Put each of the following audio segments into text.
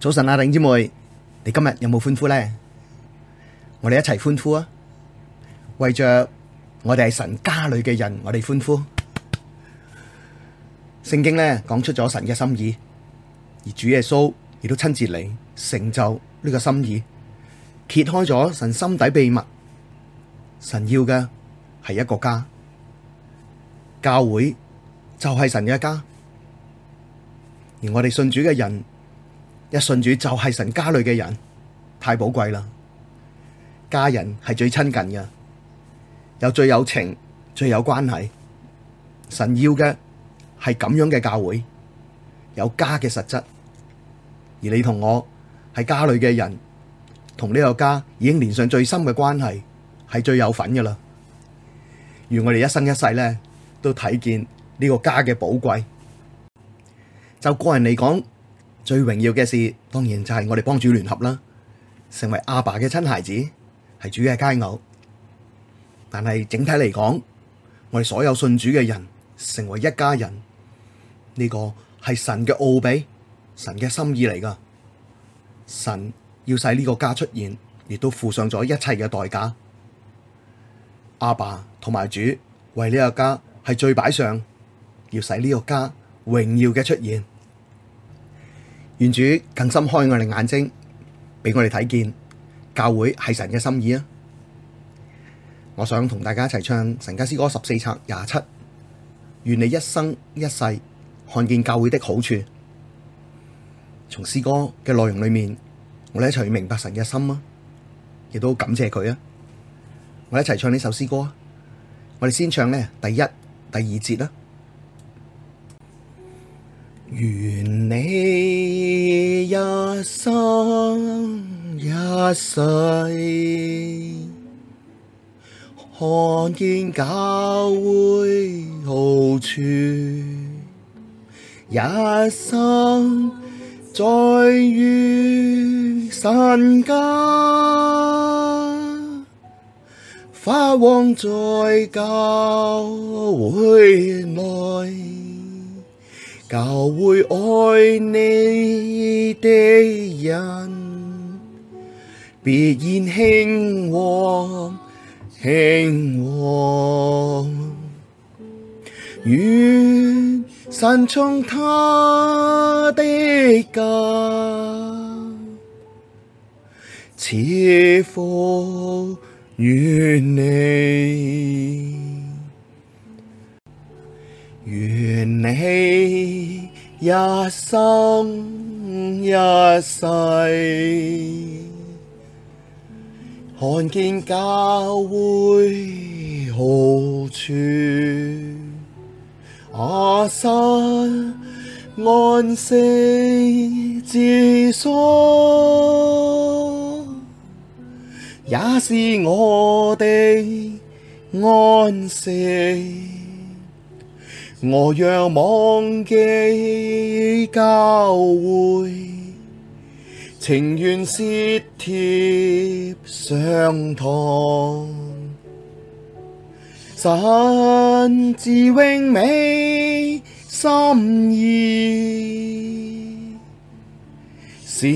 早晨啊，頂姐妹，你今日有冇歡呼咧？我哋一齊歡呼啊！為着我哋係神家裏嘅人，我哋歡呼。聖經呢，講出咗神嘅心意，而主耶穌亦都親自嚟成就呢個心意，揭開咗神心底秘密。神要嘅係一個家，教會就係神嘅家，而我哋信主嘅人。一信主就係神家裏嘅人，太寶貴啦！家人係最親近嘅，有最有情，最有關係。神要嘅係咁樣嘅教會，有家嘅實質。而你同我係家裏嘅人，同呢個家已經連上最深嘅關係，係最有份嘅啦。願我哋一生一世呢，都睇見呢個家嘅寶貴。就個人嚟講。最榮耀嘅事，當然就係我哋幫主聯合啦，成為阿爸嘅親孩子，係主嘅佳偶。但係整體嚟講，我哋所有信主嘅人成為一家人，呢、這個係神嘅奧秘，神嘅心意嚟噶。神要使呢個家出現，亦都付上咗一切嘅代價。阿爸同埋主為呢個家係最擺上，要使呢個家榮耀嘅出現。願主更深開我哋眼睛，俾我哋睇見教會係神嘅心意啊！我想同大家一齊唱神家詩歌十四冊廿七，願你一生一世看見教會的好處。從詩歌嘅內容裏面，我哋一齊去明白神嘅心啊，亦都感謝佢啊！我一齊唱呢首詩歌啊！我哋先唱呢第一、第二節啦，啊，願你，一生一世，看見教會好處。一生栽於神家，發旺在教會內。教會愛你的人，必然興旺、興旺，願神從他的家，賜福與你。願你一生一世，看見教會好處，阿、啊、神安息，之所，也是我的安息。我若忘記教會，情願舌貼上膛，神至榮美心意，是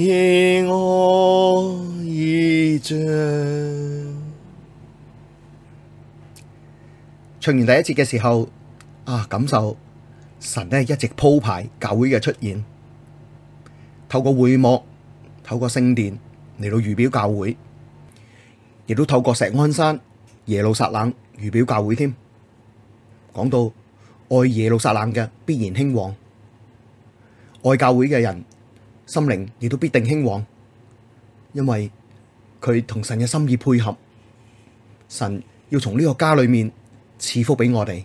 我異象。唱完第一節嘅時候。啊！感受神咧，一直鋪排教會嘅出現，透過會幕，透過聖殿嚟到預表教會，亦都透過錫安山耶路撒冷預表教會。添。講到愛耶路撒冷嘅必然興旺，愛教會嘅人心靈亦都必定興旺，因為佢同神嘅心意配合，神要從呢個家裏面賜福俾我哋。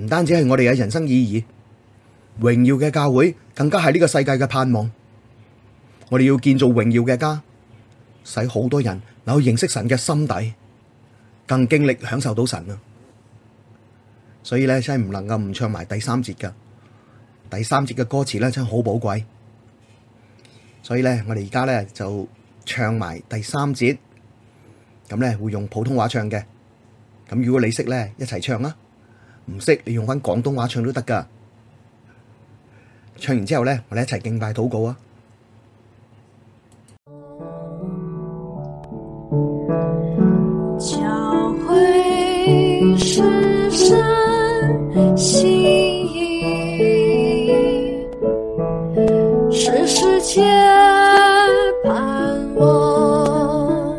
唔單止係我哋嘅人生意義，榮耀嘅教會更加係呢個世界嘅盼望。我哋要建造榮耀嘅家，使好多人能夠認識神嘅心底，更經歷享受到神啊！所以咧真係唔能夠唔唱埋第三節噶，第三節嘅歌詞咧真係好寶貴。所以咧，我哋而家咧就唱埋第三節，咁咧會用普通話唱嘅。咁如果你識咧，一齊唱啦。唔識你用翻廣東話唱都得㗎，唱完之後呢，我哋一齊敬拜禱告啊！教會是神心意，是世界盼望，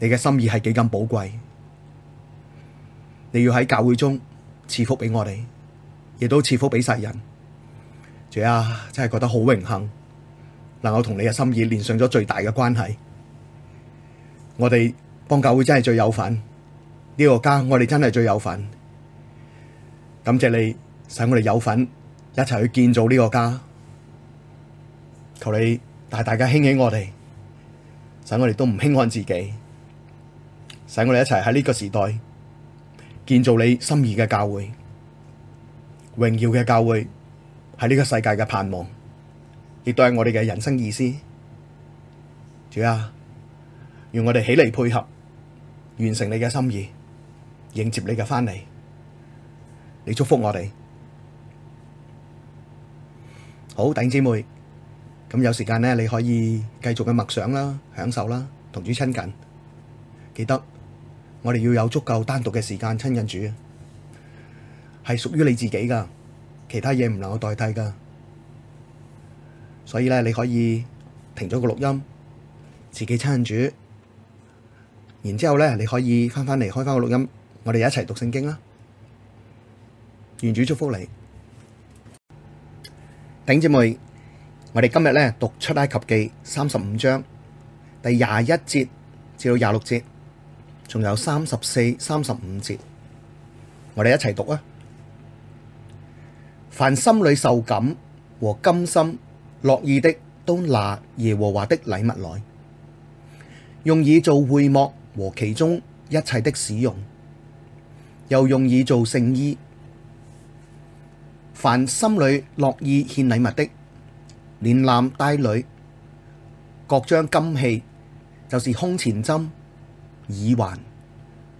你嘅心意係幾咁寶貴，你要喺教會中賜福俾我哋，亦都賜福俾世人。主啊，真係覺得好榮幸，能夠同你嘅心意連上咗最大嘅關係。我哋幫教會真係最有份呢，呢個家，我哋真係最有份。感謝你使我哋有份一齊去建造呢個家。求你大大家興起我哋，使我哋都唔輕看自己。使我哋一齊喺呢個時代建造你心意嘅教會，榮耀嘅教會係呢個世界嘅盼望，亦都係我哋嘅人生意思。主啊，讓我哋起嚟，配合，完成你嘅心意，迎接你嘅翻嚟。你祝福我哋，好弟兄姊妹。咁有時間呢，你可以繼續嘅默想啦、享受啦、同主親近，記得。我哋要有足夠單獨嘅時間親近主，係屬於你自己噶，其他嘢唔能夠代替噶。所以咧，你可以停咗個錄音，自己親近主。然之後咧，你可以翻返嚟開翻個錄音，我哋一齊讀聖經啦。願主祝福你，頂姐妹。我哋今日咧讀出埃及記三十五章第廿一節至到廿六節。仲有三十四、三十五節，我哋一齊讀啊！凡心裡受感和甘心樂意的，都拿耶和華的禮物來，用以做會幕和其中一切的使用，又用以做聖衣。凡心裡樂意獻禮物的，連男帶女，各將金器，就是胸前針。耳環、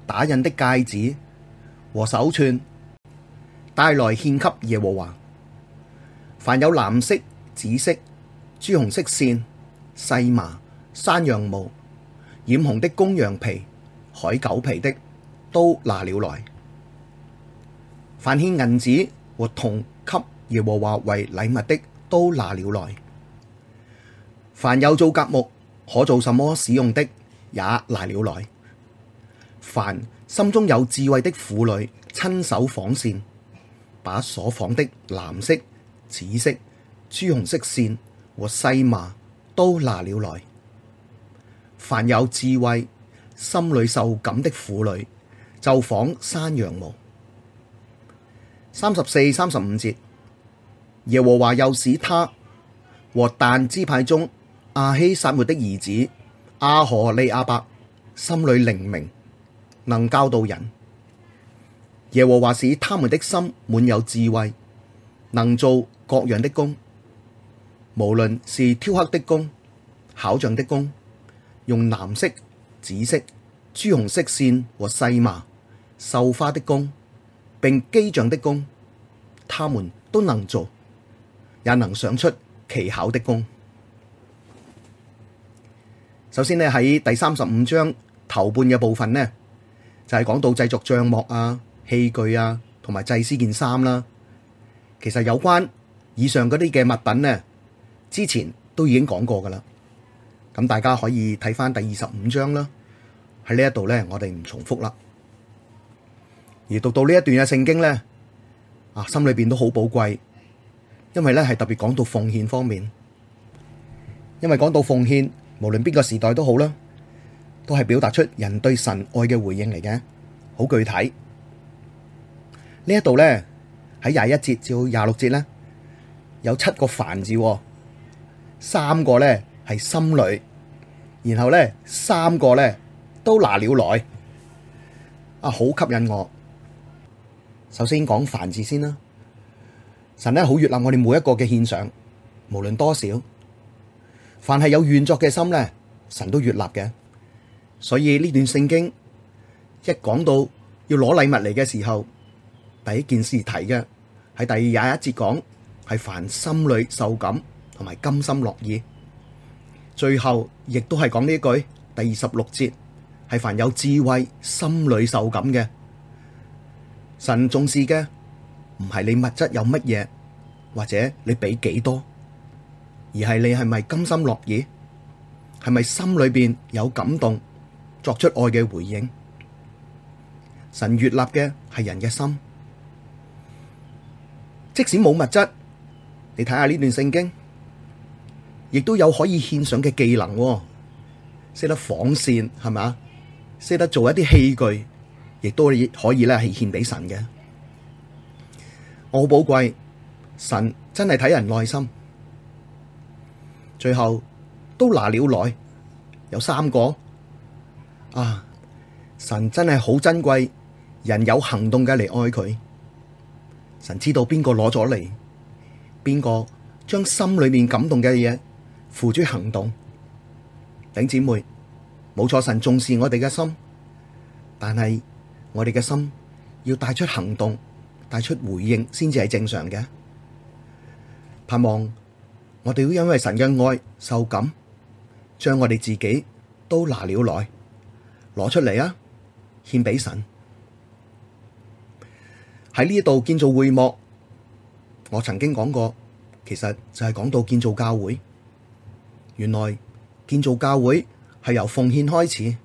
打印的戒指和手釧，帶來獻給耶和華。凡有藍色、紫色、朱紅色線、細麻、山羊毛、染紅的公羊皮、海狗皮的，都拿了來。凡獻銀子和銅給耶和華為禮物的，都拿了來。凡有皂莢木可做什麼使用的，也拿了來。凡心中有智慧的婦女，親手紡線，把所紡的藍色、紫色、朱紅色線和細麻都拿了來。凡有智慧、心裡受感的婦女，就紡山羊毛。三十四、三十五節，耶和華又使他和但支派中亞希撒抹的兒子亞何利亞伯心裡靈明。能教導人，耶和華使他們的心滿有智慧，能做各樣的工，無論是雕刻的工、巧匠的工，用藍色、紫色、朱紅色線和細麻繡花的工，並機匠的工，他們都能做，也能想出奇巧的工。首先呢喺第三十五章頭半嘅部分呢，就係講到製作帳幕啊、器具啊，同埋祭司件衫啦。其實有關以上嗰啲嘅物品呢，之前都已經講過噶啦。咁大家可以睇翻第二十五章啦。喺呢一度呢，我哋唔重複啦。而讀到呢一段嘅聖經呢，啊，心裏邊都好寶貴，因為呢係特別講到奉獻方面。因為講到奉獻，無論邊個時代都好啦。都係表達出人對神愛嘅回應嚟嘅，好具體。呢一度咧，喺廿一節至到廿六節咧，有七個凡字，三個咧係心裏，然後咧三個咧都拿了來，啊，好吸引我。首先講凡字先啦，神咧好悅納我哋每一個嘅獻上，無論多少，凡係有願作嘅心咧，神都悅納嘅。所以呢段聖經一講到要攞禮物嚟嘅時候，第一件事提嘅喺第二十一節講係凡心裏受感同埋甘心樂意，最後亦都係講呢句第二十六節係凡有智慧心裏受感嘅。神重視嘅唔係你物質有乜嘢或者你俾幾多，而係你係咪甘心樂意，係咪心裏邊有感動，作出愛嘅回應，神悅納嘅係人嘅心，即使冇物質，你睇下呢段聖經，亦都有可以獻上嘅技能，識得紡線係咪？識得做一啲器具，亦都可以咧係獻俾神嘅。我好寶貴，神真係睇人內心，最後都拿了來，有三個。啊！神真係好珍貴，人有行動嘅嚟愛佢。神知道邊個攞咗嚟，邊個將心裡面感動嘅嘢付諸行動。頂姐妹，冇錯，神重視我哋嘅心，但係我哋嘅心要帶出行動，帶出回應先至係正常嘅。盼望我哋都因為神嘅愛受感，將我哋自己都拿了來。攞出嚟！啊！獻畀神，喺呢度建造會幕。我曾經講過，其實就係講到建造教會。原來建造教會係由奉獻開始，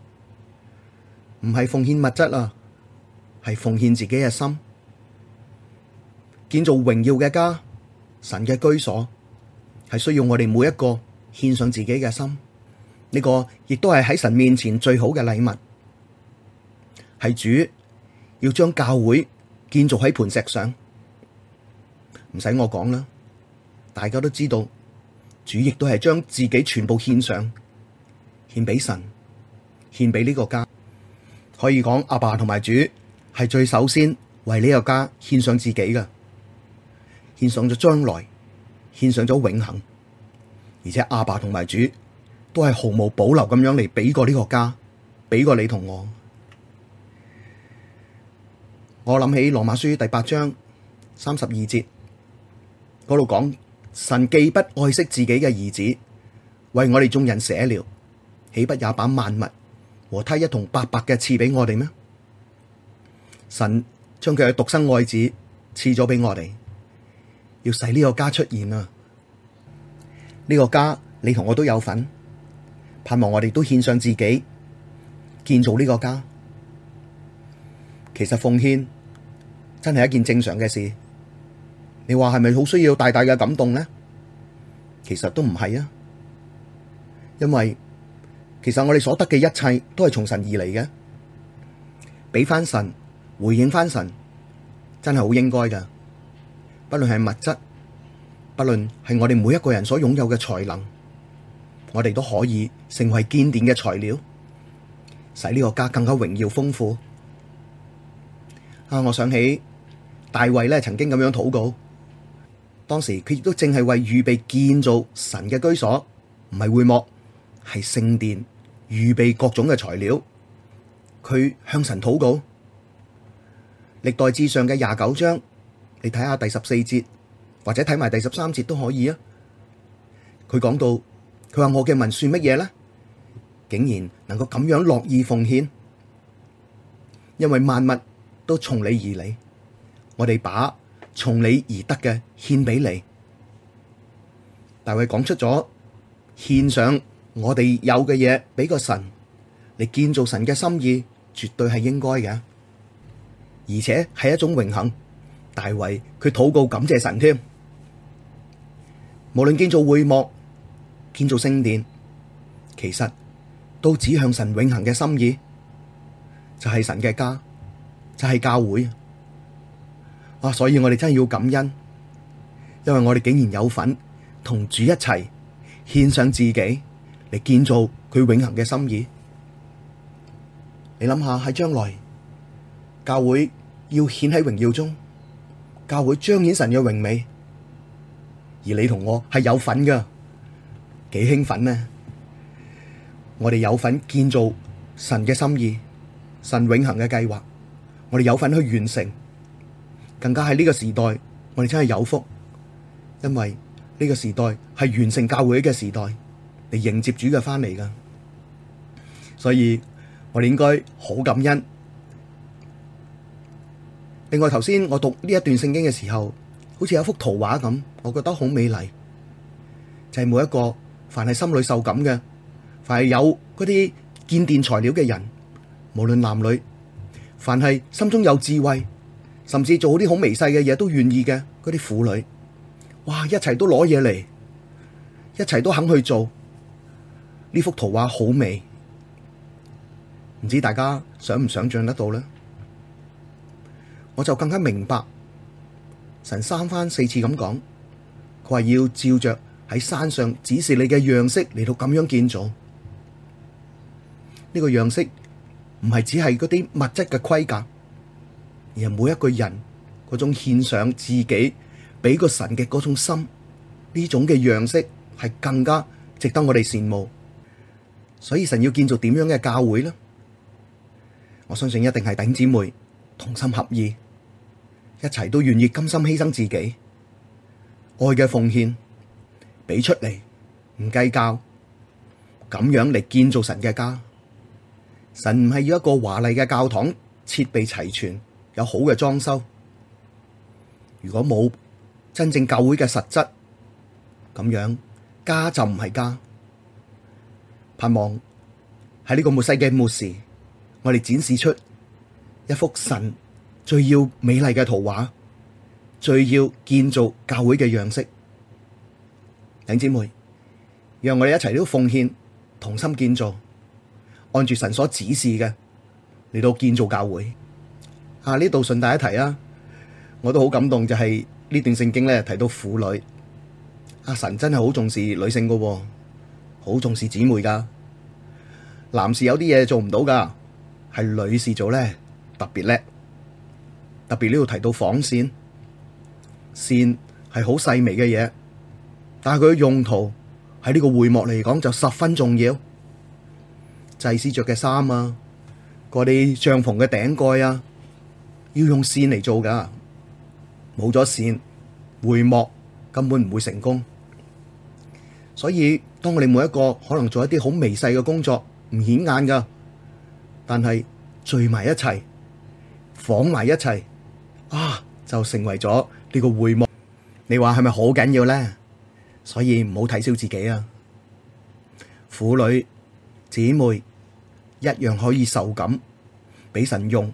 唔係奉獻物質啊，係奉獻自己嘅心。建造榮耀嘅家，神嘅居所，係需要我哋每一個獻上自己嘅心。呢個亦都係喺神面前最好嘅禮物，係主要將教會建造喺磐石上，唔使我講啦，大家都知道，主亦都係將自己全部獻上，獻俾神，獻俾呢個家，可以講阿爸同埋主係最首先為呢個家獻上自己嘅，獻上咗將來，獻上咗永恆，而且阿爸同埋主。都係毫無保留咁樣嚟俾過呢個家，俾過你同我。我諗起羅馬書第八章三十二節嗰度講，神既不愛惜自己嘅兒子，為我哋眾人捨了，豈不也把萬物和他一同白白嘅賜俾我哋咩？神將佢嘅獨生愛子賜咗俾我哋，要使呢個家出現啊！呢、呢個家你同我都有份。盼望我哋都獻上自己，建造呢個家。其實奉獻真係一件正常嘅事。你話係咪好需要大大嘅感動呢？其實都唔係啊。因為其實我哋所得嘅一切都係從神而嚟嘅，俾翻神回應翻神，真係好應該噶。不論係物質，不論係我哋每一個人所擁有嘅才能。我哋都可以成為建殿嘅材料，使呢個家更加榮耀豐富。啊，我想起大衛咧，曾經咁樣禱告，當時佢亦都正係為預備建造神嘅居所，唔係會幕，係聖殿，預備各種嘅材料。佢向神禱告。歷代志上嘅廿九章，你睇下第十四節，或者睇埋第十三節都可以啊。佢講到。佢話，我嘅文算乜嘢呢？竟然能夠咁樣樂意奉獻，因為萬物都從你而嚟，我哋把從你而得嘅獻俾你。大衛講出咗，獻上我哋有嘅嘢，俾個神，嚟建造神嘅心意，絕對係應該嘅，而且係一種榮幸。大衛佢禱告感謝神添，無論建造會幕，建造聖殿，其實都指向神永恒嘅心意，就係神嘅家，就係教會啊！所以我哋真係要感恩，因為我哋竟然有份同主一齊獻上自己嚟建造佢永恒嘅心意。你諗下喺將來，教會要顯喺榮耀中，教會彰顯神嘅榮美，而你同我係有份噶。幾興奮呢？我哋有份建造神嘅心意，神永恒嘅計劃，我哋有份去完成，更加喺呢個時代，我哋真係有福，因為呢個時代係完成教會嘅時代，嚟迎接主嘅翻嚟噶，所以我哋應該好感恩。另外頭先我讀呢一段聖經嘅時候，好似有幅圖畫咁，我覺得好美麗，就係每一個。凡係心裡受感嘅，凡係有嗰啲建殿材料嘅人，無論男女，凡係心中有智慧，甚至做好啲好微細嘅嘢都願意嘅嗰啲婦女，哇！一齊都攞嘢嚟，一齊都肯去做。呢幅圖畫好美，唔知大家想唔想象得到呢？我就更加明白，神三番四次咁講，佢話要照着。喺山上指示你嘅樣式嚟到咁樣建造呢個樣式，唔係只係嗰啲物質嘅規格，而係每一個人嗰種獻上自己俾個神嘅嗰種心，呢種嘅樣式係更加值得我哋羨慕。所以神要建造點樣嘅教會呢？我相信一定係頂姊妹同心合意，一齊都願意甘心犧牲自己，愛嘅奉獻。俾出嚟，唔計較，咁樣嚟建造神嘅家。神唔係要一個華麗嘅教堂，設備齊全，有好嘅裝修。如果冇真正教會嘅實質，咁樣家就唔係家。盼望喺呢個末世嘅末時，我哋展示出一幅神最要美麗嘅圖畫，最要建造教會嘅樣式。姐妹，讓我哋一齊都奉獻，同心建造，按住神所指示嘅嚟到建造教會。啊，呢度順帶一提啊，我都好感動，就係呢段聖經咧提到婦女，阿、啊、神真係好重視女性噶、啊，好重視姊妹噶。男士有啲嘢做唔到噶，係女士做咧特別叻，特別呢度提到紡線，線係好細微嘅嘢。但係佢嘅用途喺呢個會幕嚟講就十分重要，祭司着嘅衫啊，嗰啲帳篷嘅頂蓋啊，要用線嚟做噶，冇咗線會幕根本唔會成功。所以當我哋每一個可能做一啲好微細嘅工作，唔顯眼噶，但係聚埋一齊，紡埋一齊，啊，就成為咗呢個會幕。你話係咪好緊要咧？所以唔好睇小自己啊！婦女姊妹一樣可以受感，俾神用，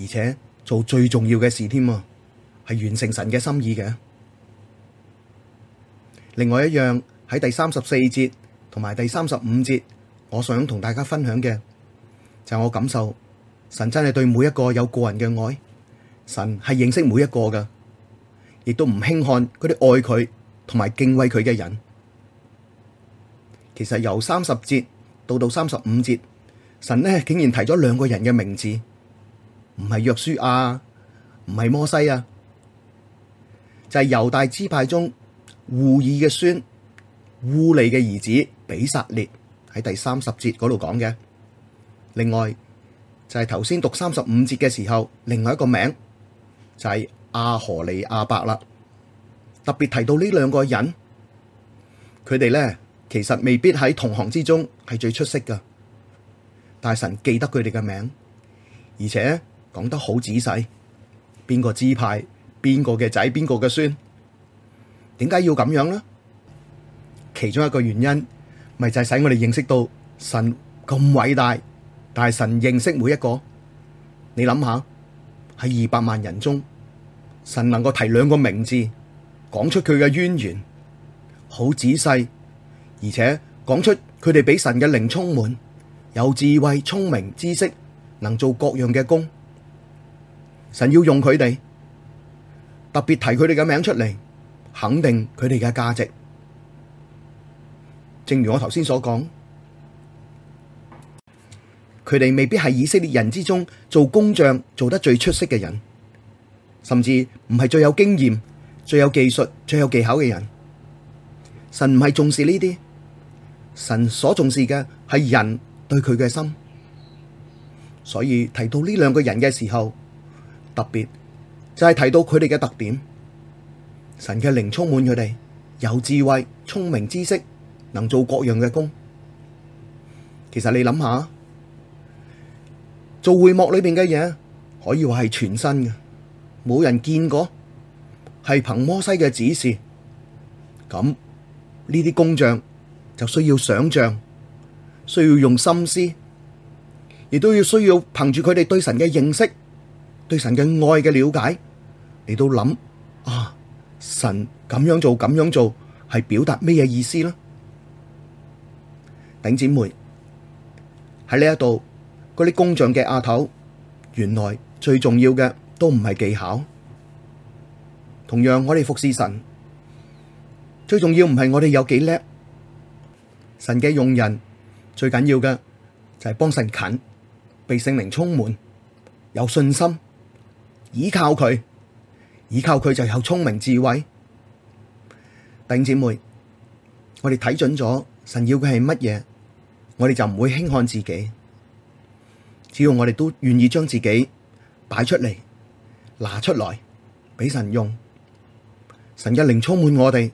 而且做最重要嘅事添，啊，係完成神嘅心意嘅。另外一樣喺第三十四節同埋第三十五節，我想同大家分享嘅就係、是、我感受，神真係對每一個有個人嘅愛，神係認識每一個噶，亦都唔輕看佢哋愛佢。同埋敬畏佢嘅人，其實由三十節到到三十五節，神呢竟然提咗兩個人嘅名字，唔係約書亞，啊，唔係摩西啊，就係、是、猶大支派中戶珥嘅孫烏利嘅兒子比撒列喺第三十節嗰度講嘅。另外就係頭先讀三十五節嘅時候，另外一個名就係、是、亞何利亞伯啦。特別提到呢兩個人，佢哋呢其實未必喺同行之中係最出色㗎，但係神記得佢哋嘅名，而且講得好仔細，邊個支派，邊個嘅仔，邊個嘅孫，點解要咁樣呢？其中一個原因，咪就係、是、使我哋認識到神咁偉大，但係神認識每一個。你諗下，喺二百萬人中，神能夠提兩個名字。講出佢嘅淵源，好仔細，而且講出佢哋俾神嘅靈充滿，有智慧、聰明、知識，能做各樣嘅工。神要用佢哋，特別提佢哋嘅名出嚟，肯定佢哋嘅價值。正如我頭先所講，佢哋未必係以色列人之中做工匠做得最出色嘅人，甚至唔係最有經驗。最有技術、最有技巧嘅人，神唔係重視呢啲，神所重視嘅係人對佢嘅心。所以提到呢兩個人嘅時候，特別就係提到佢哋嘅特點。神嘅靈充滿佢哋，有智慧、聰明、知識，能做各樣嘅工。其實你諗下，做會幕裏邊嘅嘢，可以話係全新嘅，冇人見過。係憑摩西嘅指示，咁呢啲工匠就需要想象，需要用心思，亦都要需要憑住佢哋對神嘅認識、對神嘅愛嘅了解嚟到諗啊！神咁樣做，咁樣做係表達咩嘢意思呢？頂姐妹喺呢一度嗰啲工匠嘅阿頭，原來最重要嘅都唔係技巧。同樣，我哋服侍神，最重要唔係我哋有幾叻，神嘅用人最緊要嘅就係幫神近，被聖靈充滿，有信心，依靠佢，依靠佢就有聰明智慧。弟兄姊妹，我哋睇準咗神要嘅係乜嘢，我哋就唔會輕看自己。只要我哋都願意將自己擺出嚟，拿出來畀神用。神嘅靈充滿我哋，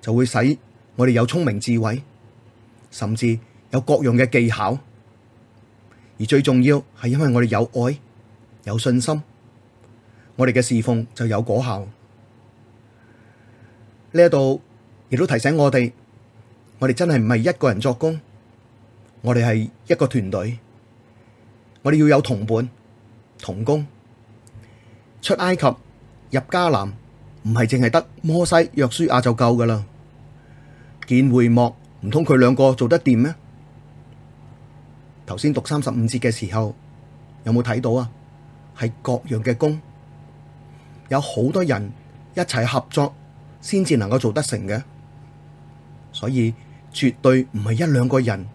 就會使我哋有聰明智慧，甚至有各樣嘅技巧。而最重要係因為我哋有愛、有信心，我哋嘅侍奉就有果效。呢一度亦都提醒我哋，我哋真係唔係一個人作工，我哋係一個團隊，我哋要有同伴同工，出埃及入迦南。唔係淨係得摩西、約書亞就夠噶啦。建會幕，唔通佢兩個做得掂咩？頭先讀三十五節嘅時候，有冇睇到啊？係各樣嘅工，有好多人一齊合作先至能夠做得成嘅，所以絕對唔係一兩個人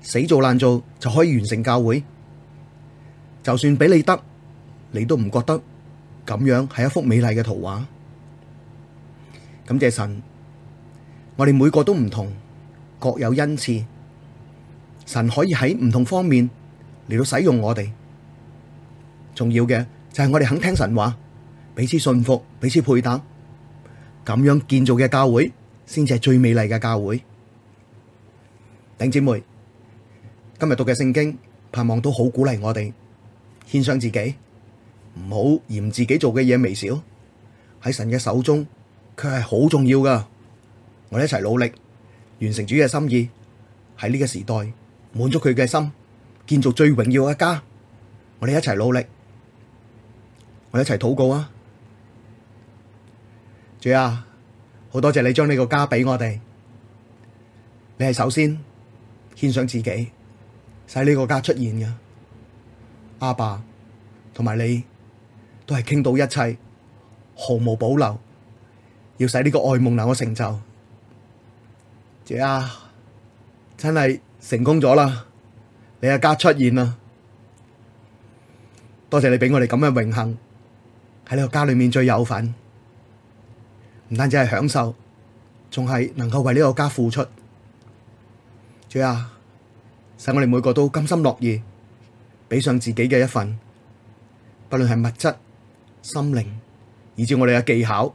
死做爛做就可以完成教會。就算俾你得，你都唔覺得咁樣係一幅美麗嘅圖畫。感謝神，我哋每個都唔同，各有恩賜。神可以喺唔同方面嚟到使用我哋。重要嘅就係我哋肯聽神話，彼此信服，彼此配搭，咁樣建造嘅教會先至係最美麗嘅教會。頂姐妹，今日讀嘅聖經，盼望都好鼓勵我哋，獻上自己，唔好嫌自己做嘅嘢微小，喺神嘅手中，佢係好重要噶，我哋一齊努力完成主嘅心意，喺呢個時代滿足佢嘅心，建造最榮耀嘅家。我哋一齊努力，我哋一齊禱告啊！主啊，好多謝你將呢個家俾我哋。你係首先獻上自己，使呢個家出現嘅阿爸同埋你，都係傾到一切，毫無保留。要使呢個愛夢能夠成就，主啊，真係成功咗啦！你阿家出現啦，多謝你俾我哋咁嘅榮幸喺呢個家裏面最有份，唔單止係享受，仲係能夠為呢個家付出。主啊，使我哋每個都甘心樂意，俾上自己嘅一份，不論係物質、心靈，以致我哋嘅技巧。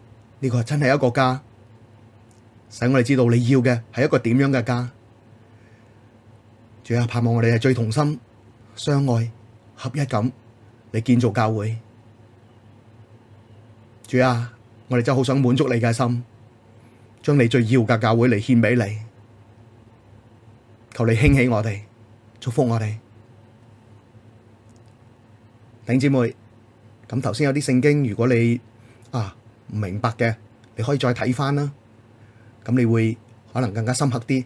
呢個真係一個家，使我哋知道你要嘅係一個點樣嘅家。主啊，盼望我哋係最同心、相愛、合一咁嚟建造教會。主啊，我哋真係好想滿足你嘅心，將你最要嘅教會嚟獻俾你。求你興起我哋，祝福我哋。弟兄姊妹，咁頭先有啲聖經，如果你啊。唔明白嘅，你可以再睇翻啦。咁你會可能更加深刻啲。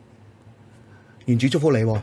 願主祝福你喎。